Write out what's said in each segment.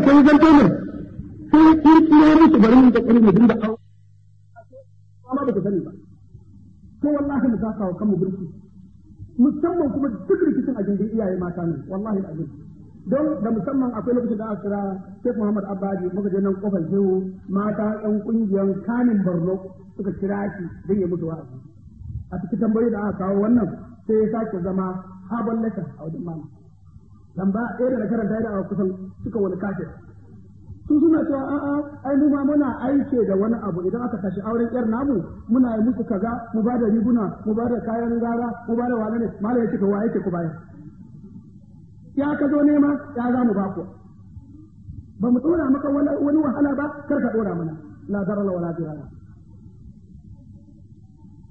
nan sai zan tonar sai ya musu bari mun ta kuri mu dinga au amma ba ku sani ba ko wallahi mu saka wa kanmu burki musamman kuma duk rikicin a gindin iyaye mata ne wallahi alazim don da musamman akwai lokacin da aka kira Sheikh Muhammad Abadi muka je nan kofar Shehu mata ɗan kungiyar kanin Borno suka kira shi don ya mutu wa'azi a cikin tambayoyi da aka kawo wannan sai ya sake zama sabon lata a wajen malam dan ba ɗaya eh, da na karanta yana a kusan suka wani kafir su suna cewa a'a ai mu ma muna aike da wani abu idan aka tashi auren yar namu muna yi muku kaza mu ba da riguna mu ba da kayan gara mu ba da wani ne malai yake wa yake ku bayan ya ka zo nema ya za mu ba ku ba mu tsora maka wani wahala ba kar ka tsora mana la darala wala dirala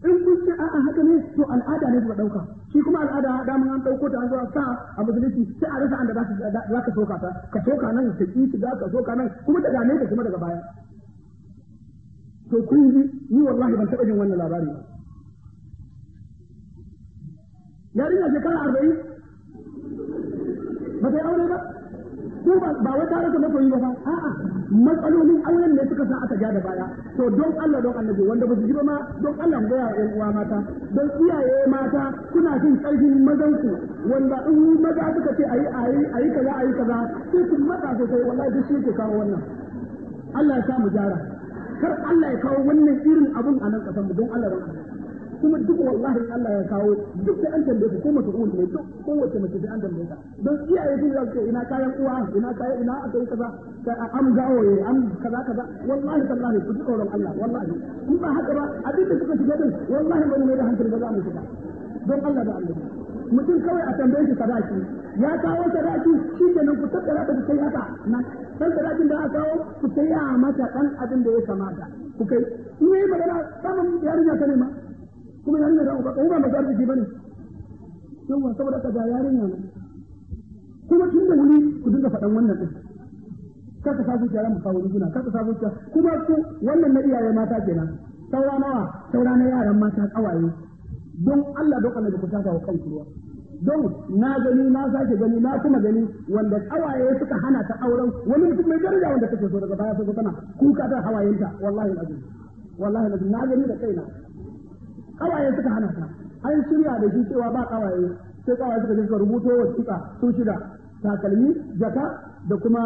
in kun ce a'a haka ne to al'ada ne ku ɗauka shi kuma al'ada mun an ɗauko ta an zuwa sa a musulunci sai a rasa an da za ka soka ta ka soka nan ka ƙi shiga ka soka nan kuma ta gane ka kuma daga baya to kun ji ni wallahi ban taɓa jin wannan labari ba yarinya shekara arba'in ba ta yi aure ba ko ba wai ta rasa yi ba a'a matsalolin auren ne suka sa aka ja da baya to don Allah don annabi wanda ba su ji ba ma don Allah ga yawa uwa mata don iyaye mata kuna jin ƙarfin mazan ku wanda in maza suka ce ayi ayi ayi kaza ayi kaza sai mata matsa sosai wallahi shi ke kawo wannan Allah ya sa mu jara kar Allah ya kawo wannan irin abun a nan kasan mu don Allah don Allah kuma duk wallahi Allah ya kawo duk da an tambaye ku ko mutum ne duk kowace mace da an tambaye ta don iyaye sun za su ina kayan uwa ina kayan ina akai kaza ka am gawoye an kaza kaza wallahi tallahi ku ji tsoron Allah wallahi in ba haka ba abin da kuka shiga din wallahi ban mai da hankali ba za mu shiga don Allah da Allah mutum kawai a tambaye shi sadaki ya kawo sadaki shi da nan ku tattara da kai haka nan san sadakin da aka kawo ku sai a mata dan abin da ya kamata ku kai ni magana samun yarinya ta ma. kuma yarinya da uba uba mai arziki bane yawa saboda ka ga yarinya nan kuma tun da wuri ku dinga faɗan wannan din kar ka sabu jaran mu kawo riguna kar ka sabu kuma ku wannan na iyaye mata kenan saura nawa saura na yaran mata kawaye don Allah don Allah da ku saka wa kanku ruwa don na gani na sake gani na kuma gani wanda kawaye suka hana ta auren wani mutum mai daraja wanda take so daga baya sai tana kuka ta hawayenta wallahi alazim wallahi alazim na gani da kaina kawaye suka hana ta an shirya da shi cewa ba kawaye sai kawaye suka je suka rubuto wasiƙa su shida takalmi jaka da kuma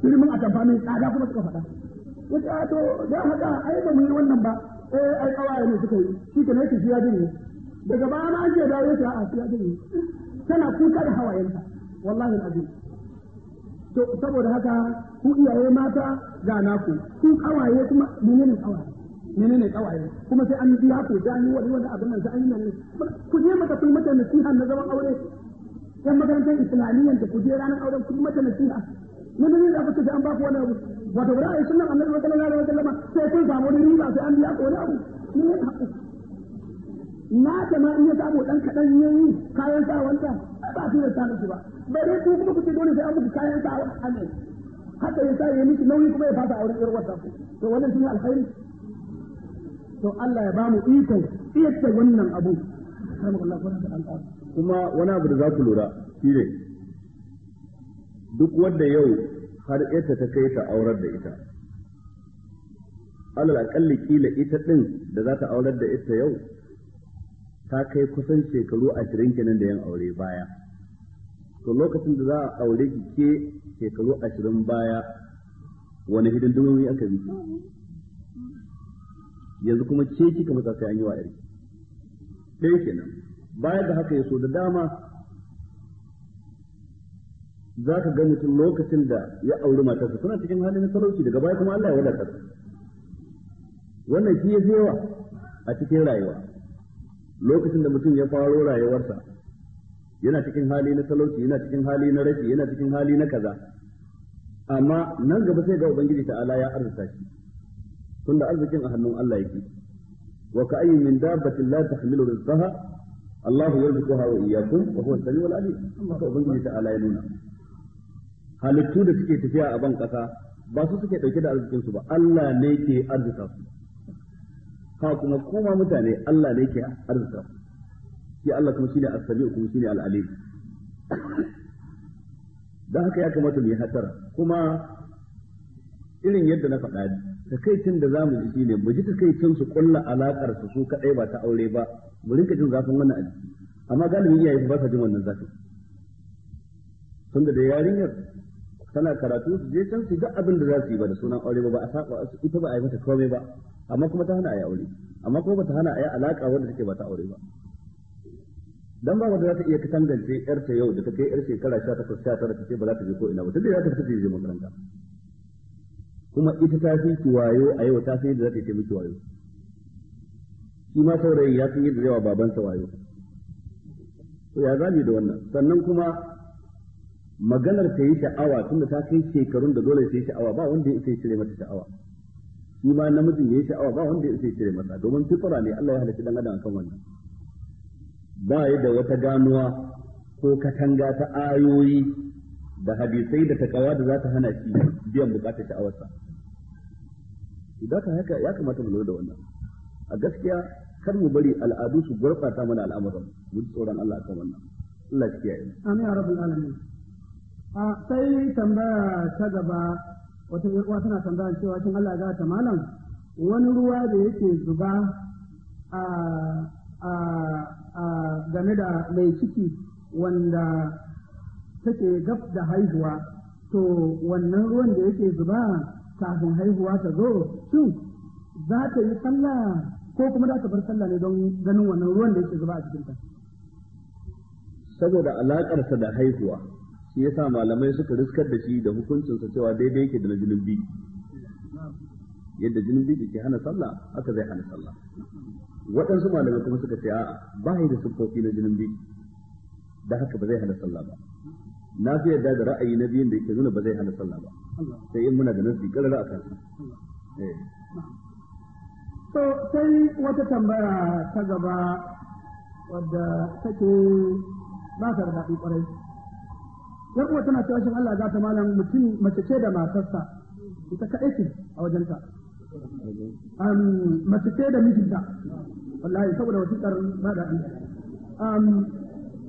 firmin atamfa mai tsada kuma suka faɗa wata to da haka ai ba mu yi wannan ba eh ai kawaye ne suka yi shi ke ne shi ya ne daga baya ma an ce da yace a shi ya ne tana kuka da ta wallahi alazim to saboda haka ku iyaye mata ga naku ku kawaye kuma menene kawaye menene kawaye kuma sai an biya ko jani wani wani abin nan sai an yi nan ku je mata kun mata nasiha na zaman aure yan makarantar islamiyyan da ku je ranar auren kun mata nasiha ne ne da kuka an ba ku wani abu wato ba ai sunan annabi sallallahu alaihi wasallam sai kun samu wani riba sai an biya ko wani abu ne na ta ma in ya samu dan kadan yayi kayan sa wanda ba su da samu ba bare ku kuma kuke dole sai an muku kayan a amin haka yasa yayi miki nauyi kuma ya fata auren irwar ta to wannan shine alkhairi to Allah ya bamu ikon iyacce wannan abu kuma wani abu da za ku lura shi ne, duk wanda yau har ita ta kai ta aurar da ita alal akalli kila ita din da za ta aurar da ita yau ta kai kusan shekaru ashirin kenan da yan aure baya to lokacin da za a aure ki ke shekaru ashirin baya wani hidindumomi aka bi yanzu kuma ke kika masa sai an yi wa yarki ɗaya kenan bayan da haka ya so da dama za ka gani tun lokacin da ya auri matarsa suna cikin halin talauci daga baya kuma Allah ya wadata wannan shi ya fi yawa a cikin rayuwa lokacin da mutum ya faro rayuwarsa yana cikin hali na talauci yana cikin hali na rashi yana cikin hali na kaza amma nan gaba sai ga ubangiji ta'ala ya arzuta shi tunda arzikin a hannun Allah yake wa ka ayyin min dabbatin la tahmilu rizqaha Allahu yarzuquha wa iyyakum wa huwa as-sami'ul 'alim amma ka ubangiji ta ala ya halittu da suke tafiya a ban kasa ba su suke dauke da arzikin su ba Allah ne ke arzuta su ha kuma kuma mutane Allah ne ke arzuta su shi Allah kuma shine as-sami'u kuma shine al-'alim dan haka ya kamata mu yi hatara kuma irin yadda na faɗa takaicin da zamu ji shine mu ji takaicin su kulla alakar su su kadai ba ta aure ba mu rinka jin zafin wannan a jiki amma galibin iyaye ba sa jin wannan zafin tunda da yarinyar tana karatu su je can su ga abin da za su yi ba da sunan aure ba ba a saba ita ba a yi mata komai ba amma kuma ta hana a yi aure amma kuma ba ta hana a yi alaka wanda take ba ta aure ba dan ba wanda za ta iya katangance yar ta yau da ta kai yar shekara 18 19 ta ce ba za ta je ko ina ba tunda za ta fita je makaranta kuma ita ta fi ki wayo a yau ta san yadda za ta yi miki wayo shi ma saurayin ya san yadda zai wa babansa wayo to ya zabi da wannan sannan kuma maganar ta yi sha'awa tunda ta kai shekarun da dole ta yi sha'awa ba wanda ya isa cire mata sha'awa shi ma namijin ya yi sha'awa ba wanda ya isa cire mata domin fitra ne Allah ya halitta dan adam akan wannan ba ya da wata ganuwa ko katanga ta ayoyi da hadisai da takawa da za ta hana shi biyan bukatar sha'awarsa idan kan haka ya kamata mu lura da wannan a gaskiya kar mu bari al'adu su gurɓata mana al'amuran mu ji tsoron Allah akan wannan Allah ya kiyaye amin ya rabbul alamin a sai tambaya ta gaba wata uwa tana tambaya cewa kin Allah ga ta malam wani ruwa da yake zuba a a game da mai ciki wanda take gab da haihuwa to wannan ruwan da yake zuba kafin haihuwa ta zo shin za ta yi sallah ko kuma za ta bar sallah ne don ganin wannan ruwan da yake zuba a cikin ta saboda sa da haihuwa shi yasa malamai suka riskar da shi da hukuncinsa cewa daidai yake da na jinin yadda jinin bi ke hana sallah haka zai hana sallah waɗansu malamai kuma suka ce a'a ba da sufofi na jinin bi, da haka ba zai hana sallah ba na fi yarda da ra'ayi na biyun da yake nuna ba zai hana sallah ba sai in muna da nasi karara a kansa so eh. sai wata tambaya ta gaba wadda take ba ta da daɗi ƙwarai yar kuma tana cewa shin Allah za ta malam mutum mace ce da matarsa ita ka aiki a wajenta mace ce da mijinta wallahi saboda wasiƙar ba da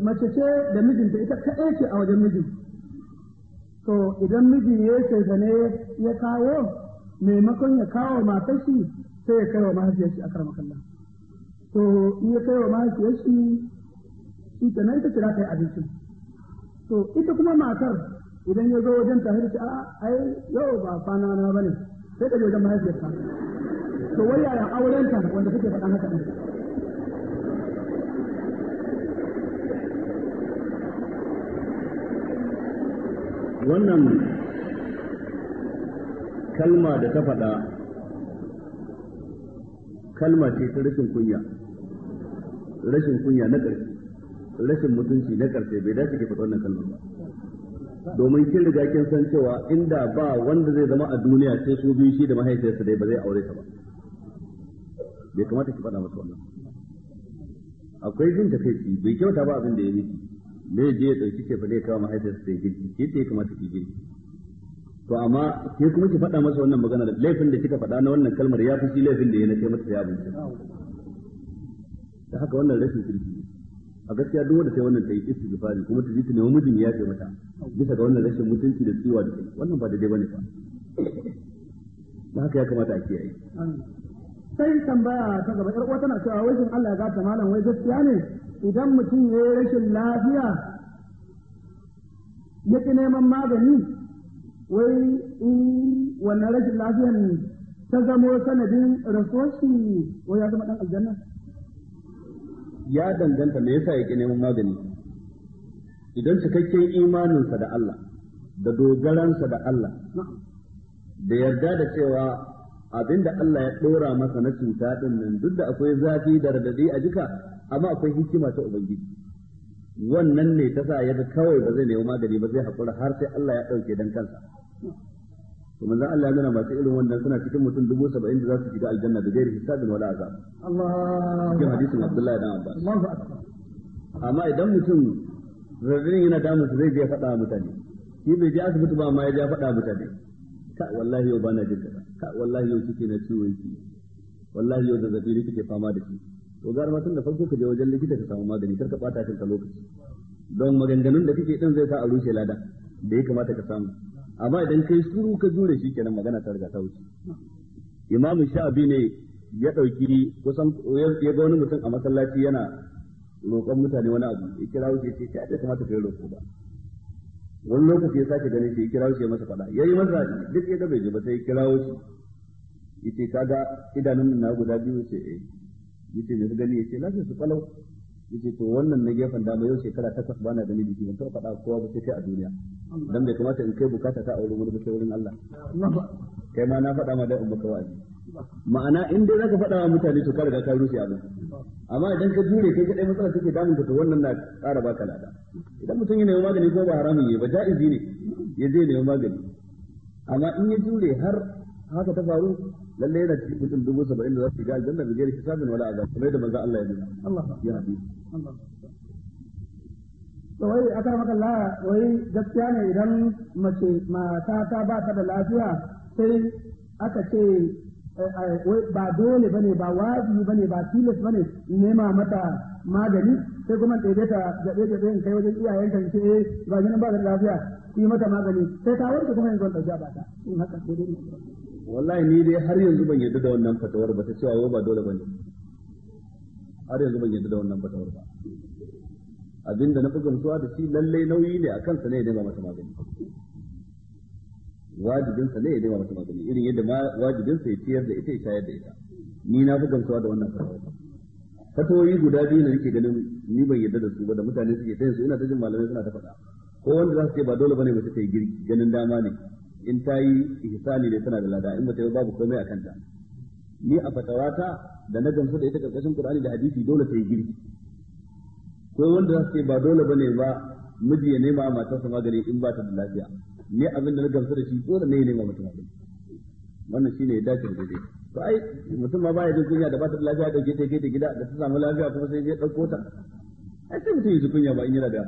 mace ce da mijinta ita ka aiki a wajen mijin to idan miji ya ce ne ya kawo maimakon ya kawo matar shi sai ya kai wa mahaifiyar shi akar makalla to in kai wa mahaifiyar shi shi ta nan ita kira kai abinci to ita kuma matar idan ya zo wajen ta ta a ai yau ba kwana na bane sai ta je wajen mahaifiyarta to wai yaya aurenta wanda kuke faɗa haka ne wannan kalma da ta faɗa kalma ce ta rashin kunya rashin kunya na ƙarfi rashin mutunci na ƙarfi bai dace ke faɗa wannan kalma. ba domin kin riga kin san cewa inda ba wanda zai zama a duniya sai su biyu shi da mahaifiyarsa dai ba zai aure ta ba bai kamata ki faɗa masa wannan akwai jin takaici bai kyauta ba abin da ya miki zai je ya ɗauki ke fale kawo mahaifiyar sai girki ke ce kamata ki girki to amma ke kuma ki faɗa masa wannan magana da laifin da kika faɗa na wannan kalmar ya fi shi laifin da ya na kai masa ya bunce da haka wannan rashin kirki a gaskiya duk wanda sai wannan ta yi fari kuma ta ji ta nemi mijin ya ce mata bisa ga wannan rashin mutunci da tsiwa da kai wannan ba daidai bane fa da haka ya kamata a kiyaye sai tambaya ta gaba ƴar uwa tana cewa wai shin Allah ya gata malam wai gaskiya ne idan mutum ya yi rashin lafiya ya ƙi neman magani wai in wannan rashin ne ta zamo sanadin rasoshi wai ya zama ɗan aljanna ya danganta me yasa ya ƙi neman magani idan cikakken imaninsa da Allah da dogaransa da Allah da yarda da cewa abinda Allah ya ɗora masa na cuta ɗin nan duk da akwai zafi da radadi a jika amma akwai hikima ta ubangiji wannan ne ta sa yaga kawai ba zai nemi magani ba zai hakura har sai Allah ya dauke dan kansa to manzon Allah ya nuna masu irin wannan suna cikin mutum dubu saba'in da za su shiga aljanna da gairi hisabin wala azab Allah cikin hadisin Abdullahi dan Abbas Allahu akbar amma idan mutum zazzabin yana damun su zai je faɗa mutane shi bai je asibiti ba amma ya je faɗa mutane ka wallahi yau bana jin kaza ka wallahi yau kike na ciwo yake wallahi yau zazzabi ne kike fama da shi to gara ma tun da farko ka je wajen likita ka samu magani kar ka bata ka lokaci don maganganun da kake din zai sa a rushe lada da ya kamata ka samu amma idan kai suru ka jure shi kenan magana ta riga ta wuce imamu sha'abi ne ya dauki kusan ya ga wani mutum a masallaci yana roƙon mutane wani abu ya kira wuce ce ta ya kamata ka yi roƙo ba wani lokaci ya sake ganin shi ya kira wuce ya masa faɗa ya yi masa duk ya ga bai ji ba sai ya kira wuce ita kaga idanun na guda biyu ce eh yace me gani yace lafiya su kalau yace to wannan na gefen dama yau shekara takwas ba na gani jiki ban taɓa faɗa kowa ba sai a duniya dan bai kamata in kai bukata ta aure wani ba sai wurin Allah kai ma na faɗa ma da in baka wa'azi ma'ana in dai zaka faɗa wa mutane to ka riga ka rushe abin amma idan ka jure kai kadai matsala take damun ka to wannan na ƙara baka lada idan mutum yana nemi magani ko ba haramun yi ba ja'izi ne ya je ne magani amma in ya jure har haka ta faru lalle yana cikin mutum dubu saba'in da za su shiga aljanna da gairi hisabin wala azab kamar da manzo Allah ya nuna Allah ya haɗe to wai akar maka Allah wai gaskiya ne idan mace mata ta ba ta da lafiya sai aka ce eh, eh, wai ba dole bane ba wajibi bane ba tilas bane nema mata magani sai kuma ɗebe ta jaɓe jaɓe in kai wajen iyayenta in ce eh ba ganin ba da lafiya ku yi mata magani sai ta warke kuma yanzu ɗauki a ba ta in haka dai ne wallahi ni dai har yanzu ban yadda da wannan fatawar ba ta cewa wai ba dole bane har yanzu ban yadda da wannan fatawar ba abinda na bugun suwa da shi lalle nauyi ne akan kansa ne ya ba masa magani wajibin sa ne ya ba mata magani irin yadda wajibin sa ya ciyar da ita ya tayar da ita ni na bugun suwa da wannan fatawar fatawoyi guda biyu ne nake ganin ni ban yadda da su ba da mutane suke ta yanzu ina ta jin malamai suna ta faɗa ko wanda za su ce ba dole bane mace ta yi girki ganin dama ne in ta yi ihsani ne tana da lada in ba ta yi babu komai a kanta ni a fatawata da na gamsu da ita karkashin Qur'ani da hadisi dole ta yi girki ko wanda zai ce ba dole bane ba miji ya nema matarsa magani in ba ta da lafiya ne abin da na gamsu da shi dole ne ya nema mata magani wannan shine ya dace da daidai to ai mutum ma baya jin kunya da ba ta da lafiya da ta kai ta gida da ta samu lafiya kuma sai ya dauko ta ai sai mutum ya ji kunya ba in yana da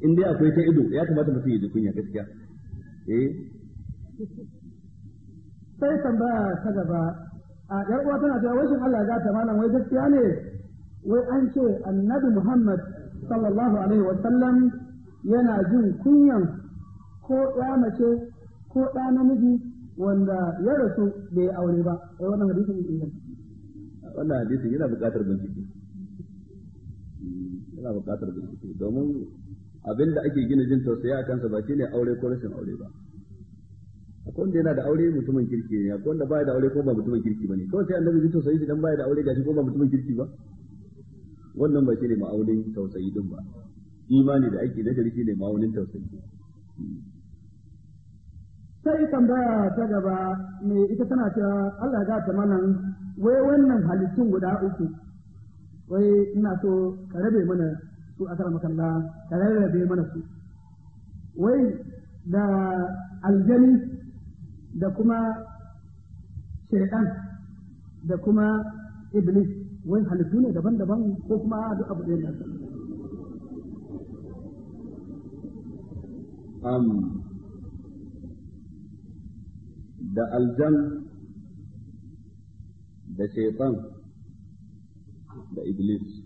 in dai akwai ta ido ya kamata mutum ya ji kunya gaskiya eh sai tambaya ta gaba a yar uwa tana cewa wai shin Allah ya gata malam wai gaskiya ne wai an ce annabi Muhammad sallallahu alaihi wa sallam yana jin kunyan ko ya mace ko ɗa namiji wanda ya rasu bai aure ba ai wannan hadisin inganta wannan hadisin yana buƙatar bincike yana buƙatar bincike domin Abin da ake gina jin tausayi a kansa ba shine aure ko rashin aure ba akwai wanda yana da aure mutumin kirki ne akwai wanda baya da aure ko ba mutumin kirki bane kawai sai annabi jin tausayi idan baya da aure gashi ko ba mutumin kirki ba wannan ba shine ma'aunin tausayi din ba imani da ake nagari shine ma'aunin tausayi sai tambaya ta gaba me ita tana cewa Allah ga ta manan wai wannan halittun guda uku wai ina so ka rabe mana su aka makalla ka rarrabe mana su wai da aljani da kuma shaidan da kuma iblis wai halittu ne daban-daban ko kuma duk abu ɗaya um, da aljan da shaitan da iblis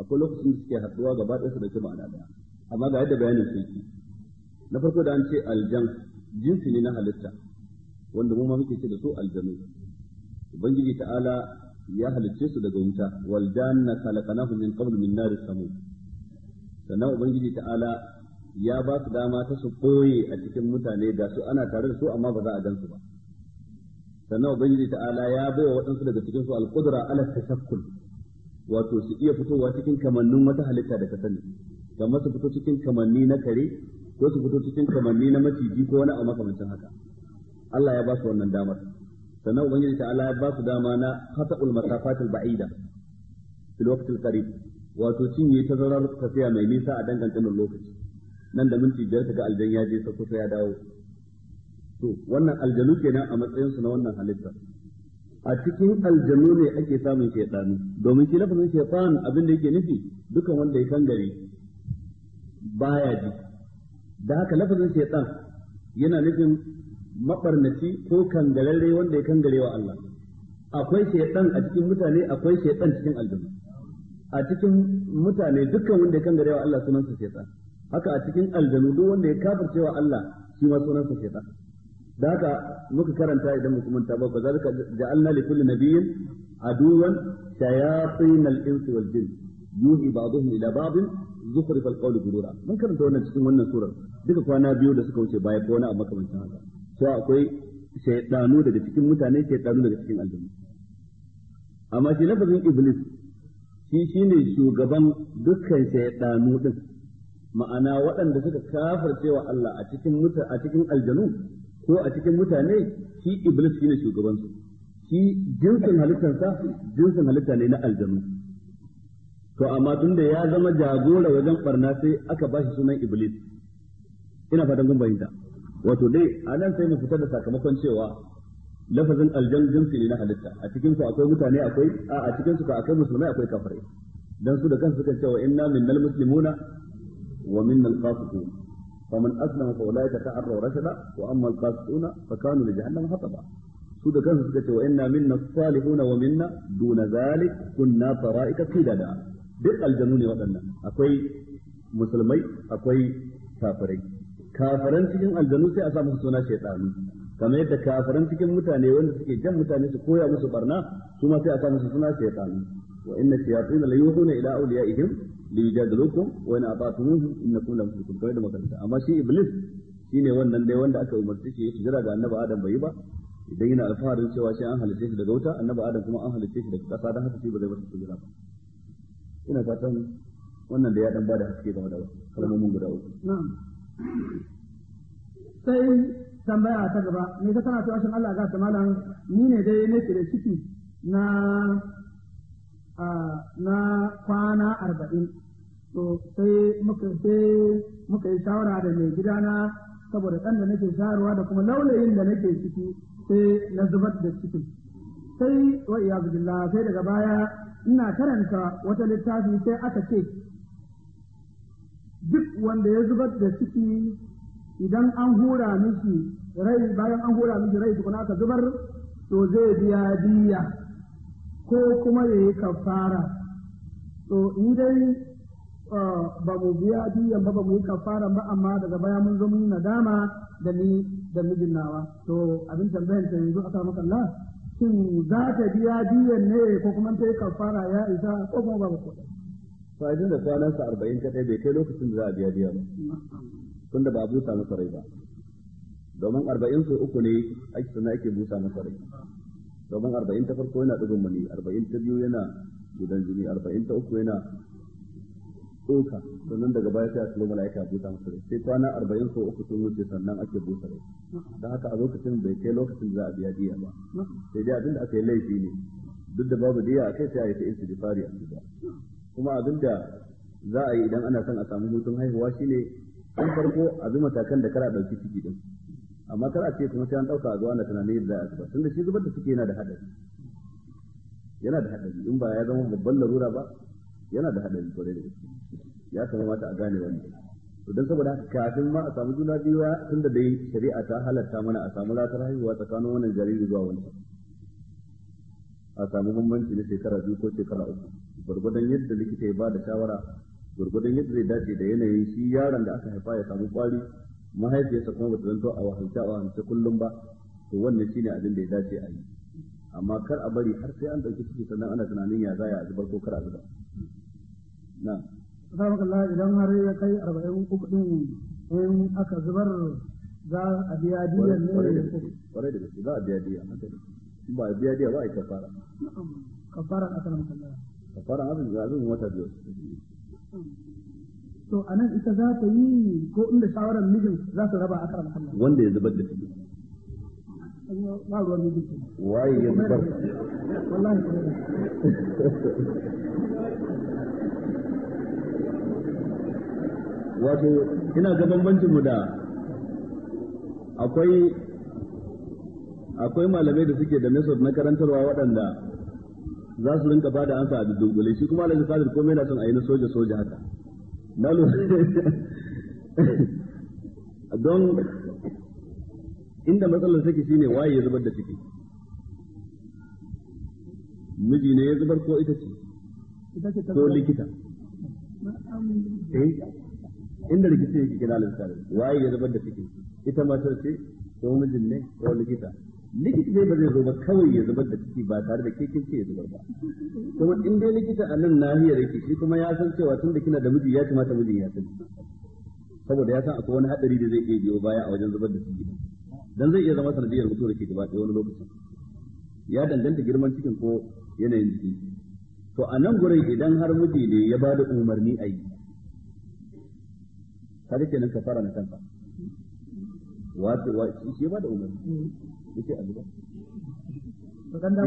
akwai lokacin da suke haɗuwa gaba ɗaya su dauki ma'ana daya amma ga yadda bayanin su yake na farko da an ce aljan jinsi ne na halitta wanda mu ma muke ce da su aljanu ubangiji ta'ala ya halicce su daga wuta wal janna khalaqnahu min qabl min nar samu sannan ubangiji ta'ala ya ba su dama ta su koye a cikin mutane ga su ana tare da su amma ba za a gansu ba sannan ubangiji ta'ala ya bai wa waɗansu daga cikin su alqudra ala tashakkul wato su iya fitowa cikin kamannin wata halitta da ka sani kamar su fito cikin kamanni na kare ko su fito cikin kamanni na maciji ko wani a makamancin haka Allah ya ba su wannan damar sannan ubangiji ta Allah ya ba su dama na khata'ul masafatil ba'ida fil waqtil qarib wato cinye ta tazarar tafiya mai nisa a dangantan lokaci nan da minti biyar kaga aljan ya je sa kusa ya dawo to wannan aljanu kenan a matsayin su na wannan halitta a cikin aljanu ne ake samun shaitani domin shi lafazin shaytan abin da yake nufi dukan wanda ya kangare baya ji da haka lafazin shaytan yana nufin mabarnaci ko kangararre wanda ya kangare wa Allah akwai shaytan a cikin mutane akwai shaytan cikin aljanu a cikin mutane dukkan wanda ya kangare wa Allah sunansa shaytan haka a cikin aljanu duk wanda ya kafirce wa Allah shi ma sunansa shaytan da haka muka karanta idan muka manta ba ka zalika ja'alna li kulli nabiyyin aduwan shayatin al-insi wal jin yuhi ba'dhum ila ba'd zukhrif al-qawl gurura mun karanta wannan cikin wannan surar duka kwana biyu da suka wuce baya ko wani abu makamancin haka to akwai shaytanu daga cikin mutane shaytanu daga cikin aljanna amma shi lafazin iblis shi shine shugaban dukkan shaytanu din ma'ana waɗanda suka kafircewa Allah a cikin muta a cikin aljanu ko a cikin mutane shi iblis shine shugaban su shi jinsin halittarsa jinsin halitta ne na aljanu to amma tunda ya zama jagora wajen barna sai aka ba shi sunan iblis ina fatan kun bayyana wato dai a nan sai mu fitar da sakamakon cewa lafazin aljan jinsi ne na halitta a cikin su akwai mutane akwai a a cikin su akwai musulmai akwai kafirai dan su da kansu suka cewa inna minnal muslimuna wa minnal kafirun فمن أسلم فأولئك تعروا رشدا وأما القاسطون فكانوا لجهنم حطبا su da kansu suka ce wa inna minna salihuna wa minna duna zalik kunna tara'ika da duk aljanu ne waɗannan akwai musulmai akwai kafirai kafiran cikin aljanu sai a sa musu suna shaytanu yadda kafiran cikin mutane wanda suke jan mutane su koya musu barna su ma sai a sa musu suna na wa inna shayatin li wa in ata'tumuhu innakum la mushrikun kai da makaranta amma shi iblis shine wannan dai wanda aka umarci shi ya hijira ga annabi adam bai yi ba idan yana alfaharin cewa shi an halitta shi daga wuta annabi adam kuma an halitta shi daga kasa dan haka shi ba zai masa hijira ba ina fatan wannan da ya dan bada haske game da kalmomin guda uku na'am sai tambaya ta gaba me ka tana cewa shin Allah ga ta malam ni ne dai nake da ciki na na kwana arba'in to sai muka sai muka yi shawara da mai gidana saboda ɗan da nake shayarwa da kuma laulayin da nake ciki sai na zubar da cikin sai wa iyazu sai daga baya ina karanta wata littafi sai aka ce duk wanda ya zubar da ciki idan an hura mishi rai bayan an hura mishi rai tukuna aka zubar to zai biya diya ko kuma ya yi kafara to in dai ah, ba mu biya diyan ba ba mu yi kafara ba amma daga baya mun zo mun nadama da ni da mijin nawa to abin tambayar ta yanzu aka maka Allah shin za ta biya diyan ne ko kuma ta yi kafara ya isa ko kuma ba ku fa'idin da kwanan sa 40 kadai bai kai lokacin da za a biya diya ba da ba a busa masa rai ba domin arba'in sau uku ne ake sana ake busa masa rai domin arba'in ta farko yana ɗigon mani arba'in ta biyu yana gudan jini arba'in ta uku yana tsoka sannan daga baya sai a tilo mala'ika busa masa rai sai kwana arba'in ko uku sun wuce sannan ake busa rai don haka a lokacin bai kai lokacin za a biya diya ba sai dai abinda aka yi laifi ne duk da babu diya a kai sai a yi ta istighfari a gida kuma abinda za a yi idan ana son a samu hutun haihuwa shine an farko a bi matakan da kara ɗauki ciki ɗin. amma kar a ce kuma sai an dauka a zuwa na tunanin yadda za a zubar tunda shi zubar da suke yana da hadari yana da hadari in ba ya zama babban larura ba yana da hadari kwarai da gaske ya kamata a gane wannan to dan saboda kafin ma a samu juna biyu tunda dai shari'a ta halatta mana a samu ratar haihuwa tsakanin wannan jariri zuwa wancan a samu bambanci na shekara biyu ko shekara uku gwargwadon yadda likita ya ba da shawara gwargwadon yadda zai dace da yanayin shi yaron da aka haifa ya samu kwari mahaifiyarsa kuma bata zanto a wahalce a wahalce kullum ba to wannan shine abin da ya dace a yi amma kar a bari har sai an dauki ciki sannan ana tunanin ya zaya a zubar ko kar a zubar na sabaka Allah idan har ya kai arba'in uku din in aka zubar za a biya diya ne kware da gaske za a biya diya haka ba a biya diya ba a yi kafara kafara akan Allah kafara abin da abin wata biyu to nan ita za ta yi ko inda shawarar mijin za su raba a karan Allah wanda ya zubar da shi waye ya zubar wato ina ga bambancin mu da akwai akwai malamai da suke da method na karantarwa waɗanda za su rinka bada ansa a dunkule shi kuma alhaji sadir komai na son a yi na soja soja haka don inda matsalar take shine waye ya zubar da ciki miji ne ya zubar ko ita ce ko likita eh, inda rikici yake kira lissari waye ya zubar da ciki ita matar ce ko mijin ne ko likita likita ne ba zai zo ba kawai ya zubar da ciki ba tare da kekin ce ya zubar ba kuma in dai likita a nan nahiyar yake shi kuma ya san cewa tun da kina da miji ya mata mijin ya san saboda ya san akwai wani hadari da zai iya biyo baya a wajen zubar da ciki dan zai iya zama sanadiyar mutuwar ke gaba ɗaya wani lokaci, ya danganta girman cikin ko yanayin jiki to a nan gurin idan har miji ne ya ba da umarni a yi kada kenan ka fara na kanka wato shi ya ba da umarni yace a zuba to kan da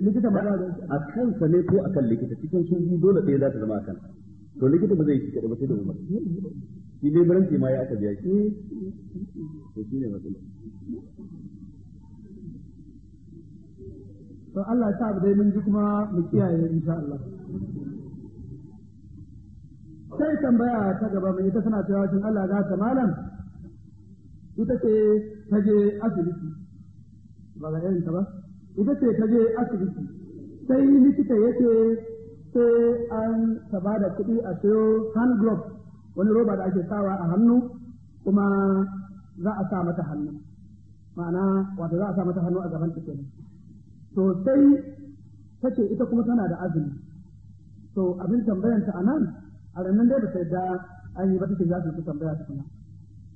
likita ma a kansa ne ko akan likita cikin su biyu dole ɗaya za ta zama to likita ba zai yi kaɗai ba sai da umar shi dai baranci ma ya aka biya shi to shi ne matsala to Allah ya sa abu dai mun ji kuma mu kiyaye insha Allah sai tambaya ta gaba mai ita suna cewa shin Allah za ta malam ita ce ta je asibiti ba ga irin ta ba ita ce ta je asibiti sai likita yake sai an saba da kuɗi a sayo hand glove wani roba da ake sawa a hannu kuma za a sa mata hannu ma'ana wato za a sa mata hannu a gaban ta kenan to sai ta ce ita kuma tana da azumi to abin tambayanta a nan a ranar dai ba sai da an yi ba take za su yi tambaya su kuma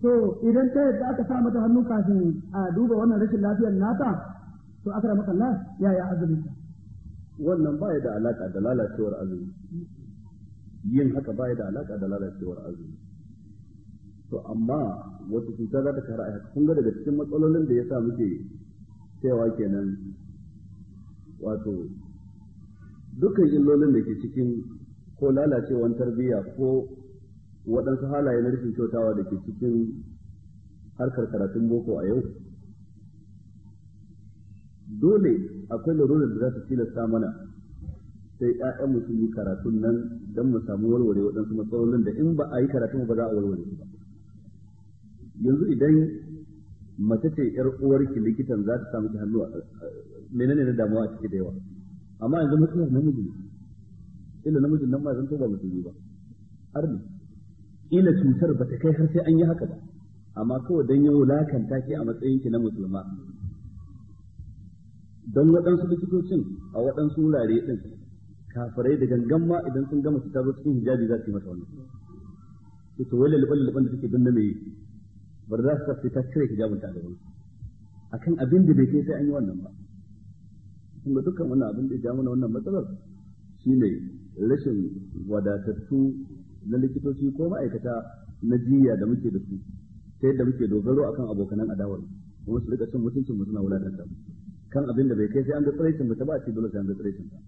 to idan ta yadda aka sa mata hannu kafin a duba wannan rashin lafiyar nata to aka maka kalla ya ya azumi ta wannan ba ya da alaƙa da lalacewar azumi yin haka ba ya da alaƙa da lalacewar azumi to amma wata cuta za ta kara a kun ga daga cikin matsalolin da ya sa muke cewa kenan wato dukkan illolin da ke cikin ko lalacewan tarbiyya ko waɗansu halaye na rashin kyautawa da ke cikin harkar karatun boko a yau dole akwai larurar da za ta tilasta mana sai ‘ya'yan sun yi karatun nan don mu samu warware waɗansu matsalolin da in ba a yi karatun ba za a warware su ba yanzu idan mace ce ‘yar uwarki likitan za ta samu ki hannu menene na damuwa a ciki da yawa amma yanzu mutum namiji ila namijin nan ma zan to ba musulmi ba har arni ila cutar ba ta kai har sai an yi haka ba amma kawai dan ya wulakanta ke a matsayin ki na musulma don waɗansu likitocin a waɗansu wurare ɗin kafirai da gangan ma idan sun gama ta zo cikin hijabi za su yi mata wannan sai to wai lalban da take danna mai bar za su tafi ta cire hijabin ta gaban akan abin da bai kai sai an yi wannan ba kuma dukkan wannan abin da ya ja mana wannan matsalar shi ne. rashin wadatattu na likitoci ko ma'aikata na jiya da muke da su ta yadda muke dogaro akan abokanan adawar kuma su rika cin mutuncin mutuna suna wulatar kan abin da bai kai sai an ga tsiraicin ta ba a ce dole sai an ga tsiraicin ta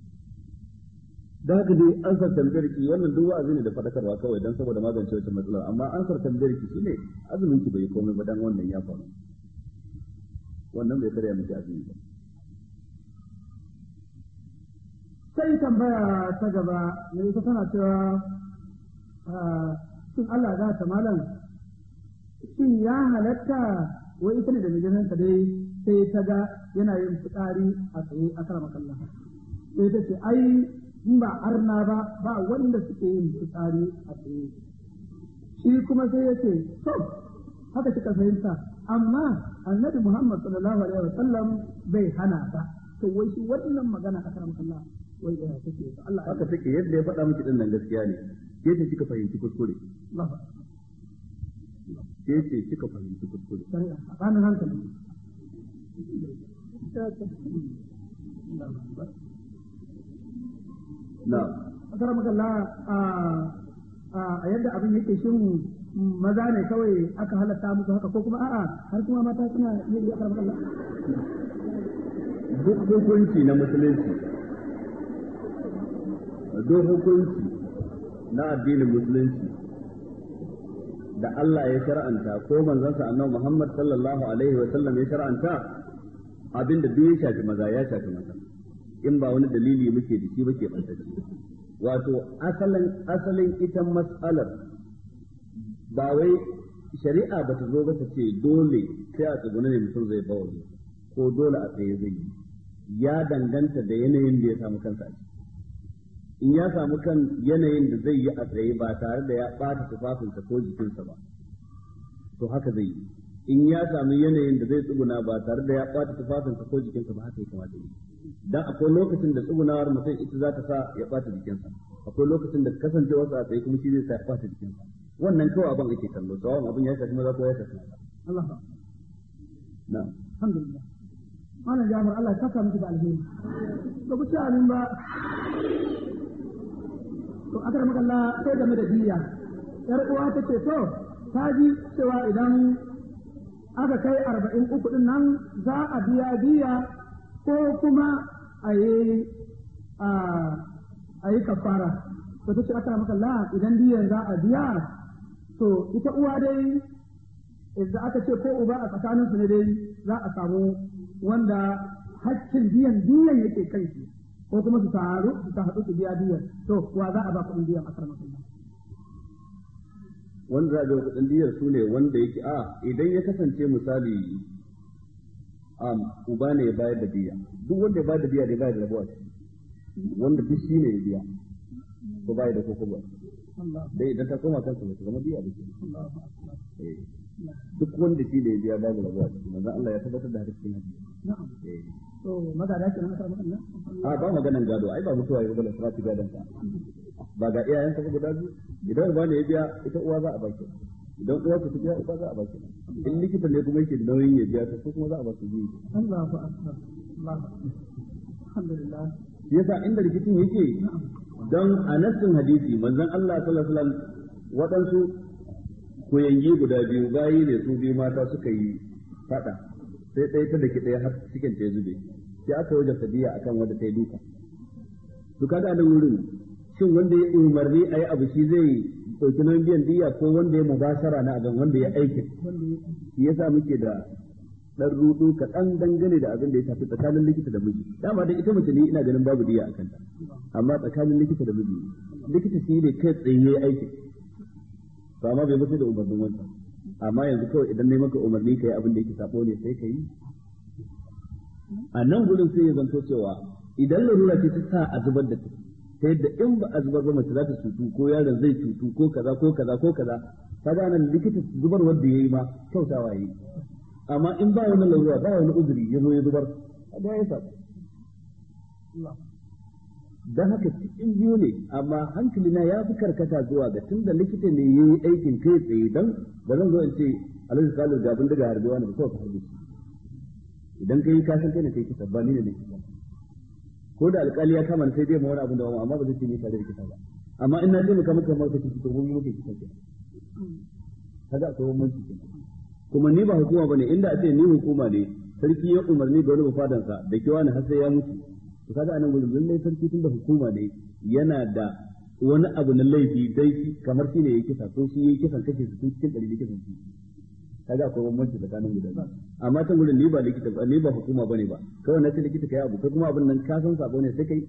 da haka dai ansar tambayarki wannan duk wa'azi ne da fadakarwa kawai dan saboda magance wata matsalar amma ansar tambayarki ki shine azumin ki bai komai ba dan wannan ya faru wannan bai karya miki azumi ba sai tambaya ta gaba mai ita tana cewa ah, shin Allah za ta malam shin ya halatta wai ita ne da mijinanta dai sai ta ga yana yin fitsari a tsaye a kara makalla sai ta ce ai in ba arna ba ba wanda suke yin fitsari a tsaye shi kuma sai ya ce to haka kika fahimta amma annabi Muhammad sallallahu alaihi wa bai hana ba to wai shi wannan magana a kara makalla haka take yadda ya faɗa miki ɗin nan gaskiya ne ke ce kika fahimci kuskure ke ce kika fahimci kuskure na a yadda abin yake shin maza ne kawai aka halatta musu haka ko kuma a'a har kuma mata suna yin akara makalla duk hukunci na musulunci duk hukunci na addinin musulunci da Allah ya shara'anta ko manzansa annabi Muhammad sallallahu alaihi wa sallam ya shara'anta abinda duk ya shafi maza ya shafi maza in ba wani dalili muke da shi muke bantacce wato asalin asalin ita mas'alar ba wai shari'a ba ta zo ba ta ce dole sai a tsuguna ne mutum zai bawa ko dole a tsaye zai yi ya danganta da yanayin da ya samu kansa a ciki in ya samu kan yanayin da zai yi a tsaye ba tare da ya bata tufafinsa ko jikinsa ba to haka zai yi in ya samu yanayin da zai tsuguna ba tare da ya bata tufafinsa ko jikinsa ba haka ya kamata yi dan akwai lokacin da tsugunawar mutum ita za ta sa ya bata jikinsa akwai lokacin da kasancewarsa a tsaye kuma shi zai sa ya bata jikinsa wannan kawai abin ake kallo tsawon abin ya shafi maza ko ya shafi mata Allah na'am alhamdulillah Allah ya saka miki da alheri ba ku ci abin ba to akar makalla sai game da diya yar uwa ta ce to ta ji cewa idan aka kai arba'in uku din nan za a biya diya ko kuma a yi a yi kafara to ta ce akar makalla idan diyan za a biya to ita uwa dai idan aka ce ko uba a tsakaninsu ne dai za a samu wanda hakkin biyan biyan yake shi ko kuma su taru su ta haɗu su biya diyar to wa za a ba kuɗin diyar akar musulman wanda za a biya kuɗin biyar su ne wanda yake a idan ya kasance misali uba ne ya bayar da biya duk wanda ya bayar da biya ne bayar da rabuwa wanda duk shi ne ya biya ko bayar da koko ba dai idan ta koma kansa ba zama biya ba ke eh. duk wanda shi ne ya biya babu rabuwa manzo Allah ya tabbatar da haka biya to magada kenan aka maka Allah a ba maganan gado ai ba mutuwa ya bala sarati gadon ka ba ga iyayen ka guda biyu idan uba ne ya biya ita uwa za a baki idan uwa ta biya uba za a baki in likita ne kuma yake nauyin ya biya ta kuma za a baki biyu Allahu akbar alhamdulillah yasa inda rikicin yake don a nassin hadisi manzon Allah sallallahu alaihi wasallam waɗansu koyangi guda biyu bayi ne su biyu mata suka yi fada sai ɗaya ta daki ɗaya har cikin ta zube sai aka wajen sadiya akan wanda ta yi duka to kaga nan wurin shin wanda ya umarni a yi abu shi zai ɗauki nan biyan diya ko wanda ya mubashara na abin wanda ya aiki shi yasa muke da dan rudu kaɗan dangane da abin da ya shafi tsakanin likita da miji dama da ita mace ne ina ganin babu diya a kanta amma tsakanin likita da miji likita shi ne kai tsaye aikin to amma bai mutu da umarnin wancan amma yanzu kawai idan nayi maka umarni kai abin da yake sabo ne sai ka yi a nan gurin sai ya zanto cewa idan larura ce ta sa a zubar da ciki ta yadda in ba a zubar ba mace za ta cutu ko yaron zai cutu ko kaza ko kaza ko kaza ta ga likita zubar wanda yi ma kyautawa waye amma in ba wani larura ba wani uzuri ya zo ya zubar da ya sa dan haka cikin biyu ne amma hankali na ya fi karkata zuwa ga tunda likita ne ya yi aikin kai tsaye dan ba zan zo in ce alhaji salu ga daga harbewa ne kawai ka harbe shi idan kai ka san kai ne kai kisa ba ni ne ne kisa ko da alƙali ya kama sai dai ma wani abin da ba amma ba zai ce ni tare da kisa ba amma ina na ce maka maka maka kisa to mun muke kisa ke kaga to mun kisa kuma ni ba hukuma bane inda a ce ni hukuma ne sarki ya umarni da wani bufadansa da kewa ne har sai ya mutu to kaga anan gurin lallai sarki tunda hukuma ne yana da wani abu na laifi dai kamar shi ne ya kisa ko shi ya kisan kake su cikin ɗari da kisan shi kaga akwai bambanci tsakanin guda biyu amma can gudun ni ba likita ba ni ba hukuma bane ba kawai na ce likita kai abu kai kuma abin nan ka san sabo ne sai kai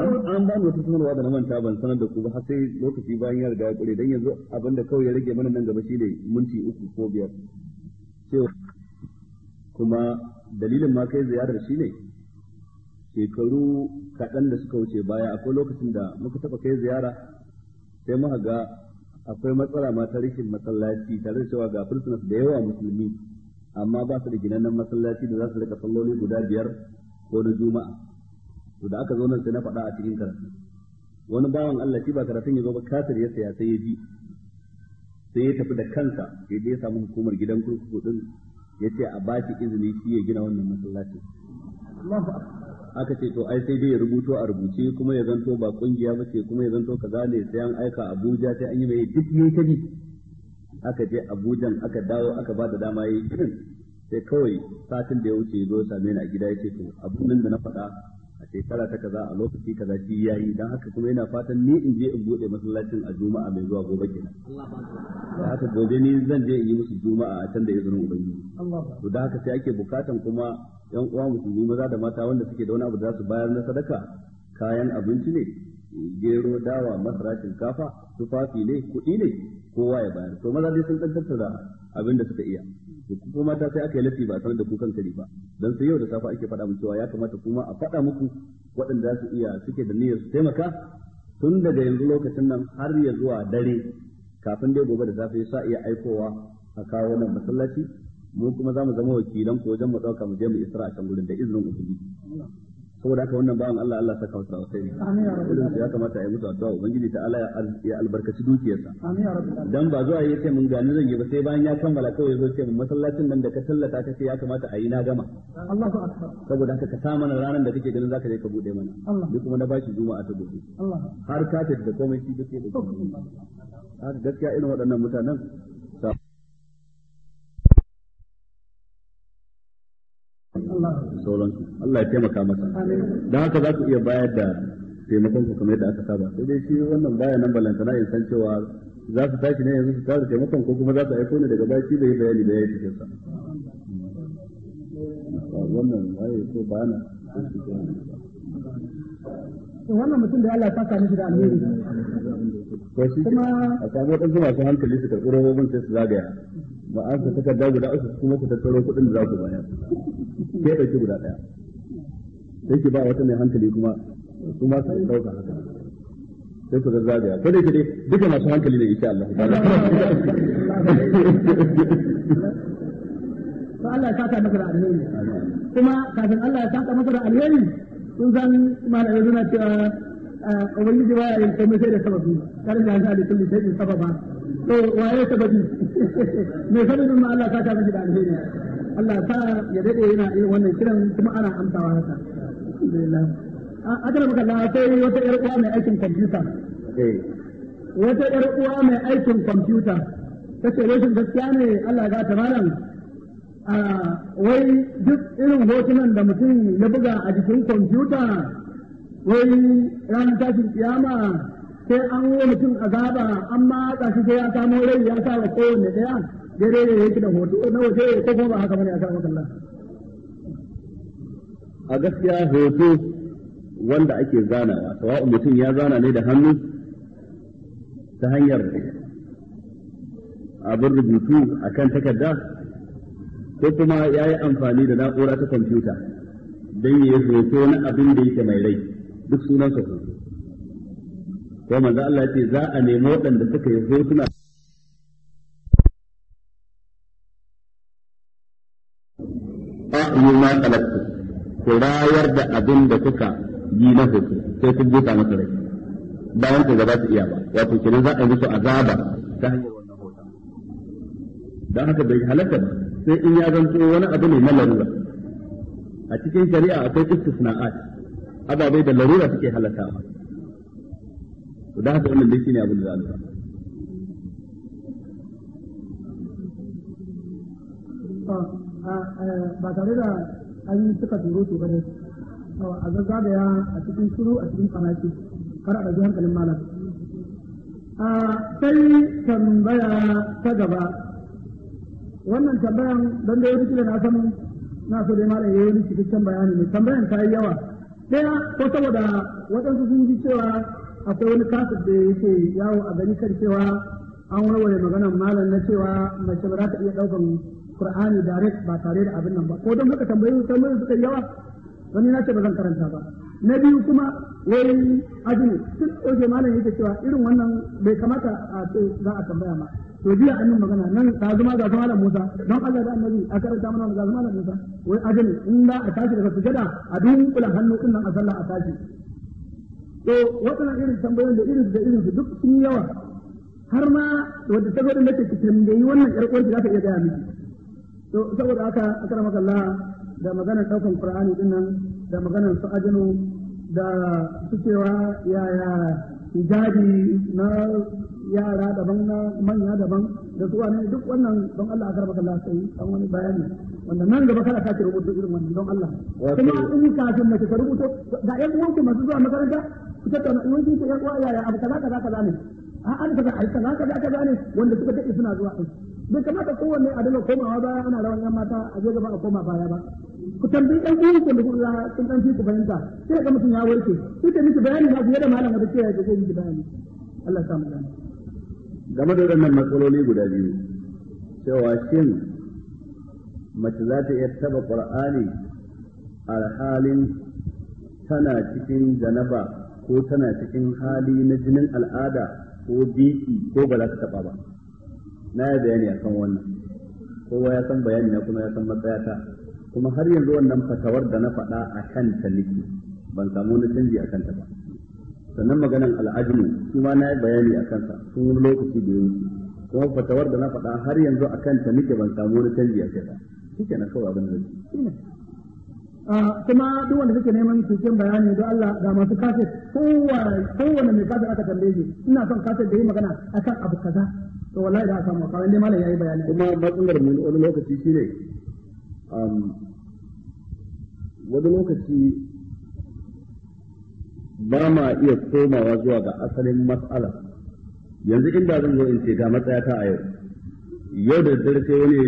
an ba mu wata sanarwa da na manta ban sanar da ku ba har sai lokaci bayan ya riga ya kure dan yanzu abin da kawai ya rage mana nan gaba ne minti uku ko biyar kuma dalilin ma kai ziyarar shine shekaru kaɗan da suka wuce baya akwai lokacin da muka taɓa kai ziyara sai muka ga akwai matsala ma ta rikin masallaci tare da cewa ga fursunas da yawa musulmi amma ba su da ginannen masallaci da za su rika salloli guda biyar ko na juma'a to da aka zo nan sai na faɗa a cikin karatu wani bawan Allah shi ba karatun ya zo ba kasar ya saya sai ya ji sai ya tafi da kansa ya je ya samu hukumar gidan kurkuku din ya ce a ba izini shi ya gina wannan masallaci aka ce to ai sai dai ya rubuto a rubuce kuma ya zanto ba kungiya ba ce kuma ya zanto kaza ne sai an aika Abuja sai an yi mai duk yayi ta bi aka je Abuja aka dawo aka ba da dama yayi sai kawai satin da ya wuce ya zo same ni a gida ya ce to abu nan da na faɗa a shekara ta kaza a lokaci kaza shi yi, don haka kuma yana fatan ni in je in bude masallacin a juma'a mai zuwa gobe kenan da haka gobe ni zan je in yi musu juma'a a can da izinin ubangiji to da haka sai ake bukatan kuma yan uwa musulmi maza da mata wanda suke da wani abu da za su bayar na sadaka kayan abinci ne gero dawa masara shinkafa tufafi ne kuɗi ne kowa ya bayar to maza dai sun dan tattara abin da suka iya ko mata sai aka yi lati ba sanar da ku kanka kari ba dan sai yau da safa ake faɗa mu cewa ya kamata kuma a faɗa muku waɗanda su iya suke da niyyar su taimaka tun daga yanzu lokacin nan har ya zuwa dare kafin dai gobe da safe sa iya aikowa a kawo nan masallaci mu kuma za mu zama wakilan ko wajen mu ɗauka mu je mu isra a can gurin da izinin ubangiji saboda haka wannan bawan Allah Allah saka wasu ne amin ya kamata a yi musu addu'a ubangiji ta Allah ya albarkaci dukiyarsa amin dan ba zuwa yace mun gani zan yi ba sai bayan ya kammala kawai zo ce mun masallacin nan da ka sallata ka ce ya kamata a yi na gama Allahu akbar saboda haka ka sa mana ranar da kake ganin zaka je ka bude mana duk kuma na bashi juma'a ta gobe har ka tafi da komai shi duk haka gaskiya irin waɗannan mutanen sauransu Allah ya taimaka masa don haka za ku iya bayar da taimakon ku kamar yadda aka saba sai dai shi wannan baya nan balantana ya san cewa za su tashi ne yanzu su tara taimakon ko kuma za su aiko ne daga baya shi zai bayani da ya yi cikin wannan waye ko bana wannan mutum da Allah ya saka mishi da alheri kuma a samu wadansu masu hankali su karɓi robobin sai su zagaya ba an sa takarda guda uku kuma ku tattaro kuɗin da za ku bayar sai dauki guda daya sai ki ba wata mai hankali kuma su ma su dauka haka sai ku zazzagaya ko sai dai duka masu hankali ne insha Allah to Allah ya saka maka da alheri kuma kafin Allah ya saka maka da alheri kun san malamai suna cewa ah, ubangiji baya yin komai sai da sababi karin da hankali kullu sai da sababa to waye sababi me sababin ma Allah ya saka maka da alheri Allah ya sa ya dade yana irin wannan kiran kuma ana amsawa haka alhamdulillah a adar baka sai wata yar uwa mai aikin kwamfuta eh. wata yar uwa mai aikin kwamfuta ce rashin gaskiya ne Allah ga ta malam a wai duk irin hotunan da mutum ya buga a jikin kwamfuta wai ranar tashin kiyama sai an yi mutum azaba amma ƙashi sai ya samo rai ya sa wa kowanne ɗaya a gaskiya hoto wanda ake zanawa sawa'un mutum ya zana ne da hannu ta hanyar abin rubutu a kan takarda ko kuma ya yi amfani da na'ura ta kwamfuta don yi hoto na abin da yake mai rai duk sunansa hoto ko manzo Allah ce za a nemi waɗanda suka yi hotuna ku rayar da abin da kuka yi na hoto sai kun jefa masa rai bayan ku gaba su iya ba wato kenan za a yi musu azaba ta hanyar wannan hoton don haka bai halatta ba sai in ya zanto wani abu ne na larura a cikin shari'a akwai istisna'at ababai da larura suke halattawa to da haka wannan dai shine abin da za a lura ba tare da an suka turo su gane a zazzagaya a cikin shiru a cikin kwanaki kar a ɗauki hankalin malam a sai tambaya ta gaba wannan tambayan don da ya na san na so dai malam ya yi cikakken bayani ne tambayan ta yi yawa ɗaya ko saboda waɗansu sun ji cewa akwai wani kasar da yake yawo a gani kan cewa an wani maganar malam na cewa mace ba za ta iya ɗaukan Qur'ani direct ba tare da abin nan ba ko don haka tambayoyi mun suka yawa wani na ce ba zan karanta ba na biyu kuma wai ajini tun oje malam yake cewa irin wannan bai kamata a ce za a tambaya ma to jiya an magana nan ta zama ga malam Musa don Allah da Annabi a karanta mana ga malam Musa wai ajini in ba a tashi daga sujada a dunkula hannu din nan a sallah a tashi to waɗannan irin tambayoyin da irin da irin duk sun yawa har ma wadda ta gwadin da ke tambayi wannan ƴar uwarki za ta iya gaya miki to saboda haka akara Allah da maganar daukan qur'ani din nan da maganar su ajinu da su cewa ya hijabi na yara daban na manya daban da su wani duk wannan don Allah akara Allah sai an wani bayani wanda nan gaba kada ka rubutu irin wannan don Allah kuma in kafin mace ka rubuto ga yan uwanku masu zuwa makaranta ku tattauna in kun ce yan uwa yaya abu kaza kaza kaza ne a an kaza kaza kaza ne wanda suka dade suna zuwa bai kamata kowanne a dinga komawa baya ana rawan yan mata a je gaba a koma baya ba ku tambayi ɗan uwan ku da kullum sun ɗan ku fahimta sai ga mutum ya warke sai ta miki bayani na fiye da malam da ce ya ga miki bayani Allah sa mu game da wannan matsaloli guda biyu cewa shin mace za ta iya taba qur'ani alhalin tana cikin janaba ko tana cikin hali na jinin al'ada ko biki ko ba za ta taba ba na yi bayani a kan wannan kowa ya san bayani na kuma ya san matsayata kuma har yanzu wannan fatawar da na faɗa a kan ta nake ban samu wani canji a kanta ba sannan maganan al'ajinu shi ma na yi bayani a kansa sun wani lokaci da ya wuce kuma fatawar da na faɗa har yanzu a ta nake ban samu wani canji a kai ba shi ke na kawai abin da ah, kuma duk wanda suke neman cikin bayani don Allah da masu kaset kowane mai kafet aka tambaye ina son kafet da yi magana akan abu kaza to wallahi da aka maka wanda malam yayi bayani kuma matsalar mu wani lokaci shine um wani lokaci ba ma iya komawa zuwa ga asalin matsala yanzu inda zan zo in ce ga ta a yau yau da dare sai wani